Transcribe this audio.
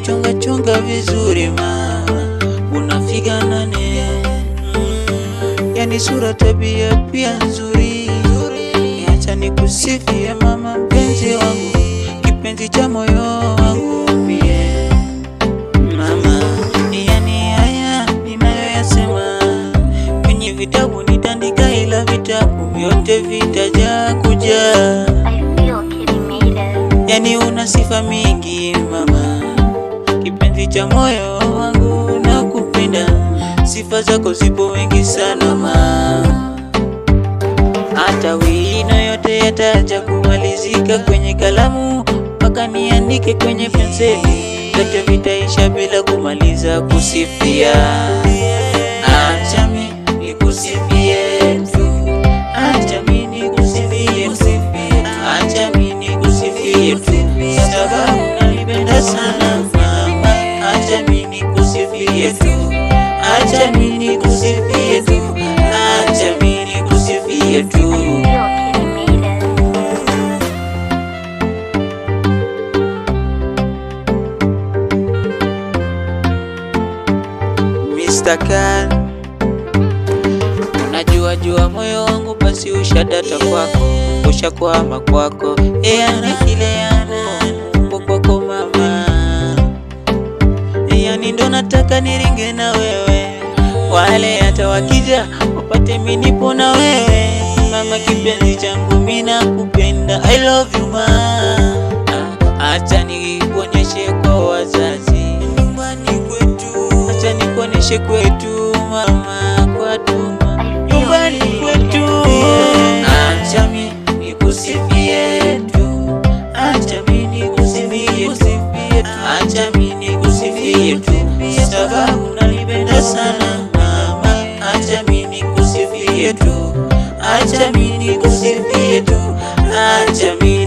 kuchonga chonga vizuri mama, unafiga nane mm. Yani sura tabia pia nzuri, acha nikusifie mama, mpenzi wangu, kipenzi cha moyo wangu pia mama. Yani haya ninayoyasema kwenye vitabu nitandika, ila vitabu vyote vitajaa kujaa. Yani una sifa mingi mama kuficha moyo wangu na kupenda, sifa zako zipo wengi sana ma, hata wino yote yataja kumalizika kwenye kalamu, mpaka niandike kwenye penseli, vyote vitaisha bila kumaliza kusifia, acha mimi nikusifia. Acha mimi kusifie tu, acha mimi tu. Mr. Khan, unajua jua moyo wangu basi ushadata kwako, ushakwama kwako, yani kile kwako mama, yani ndo nataka niringe na wewe wale hata wakija wapate minipo na wewe mama kipenzi changu mimi nakupenda I love you ma acha nikuonyeshe kwa wazazi nyumbani kwetu acha nikuonyeshe kwetu mama kwa tuma nyumbani kwetu acha mimi nikusifie tu acha mimi nikusifie tu acha mimi nikusifie tu sababu tu, acha mimi nikusifie tu, acha mimi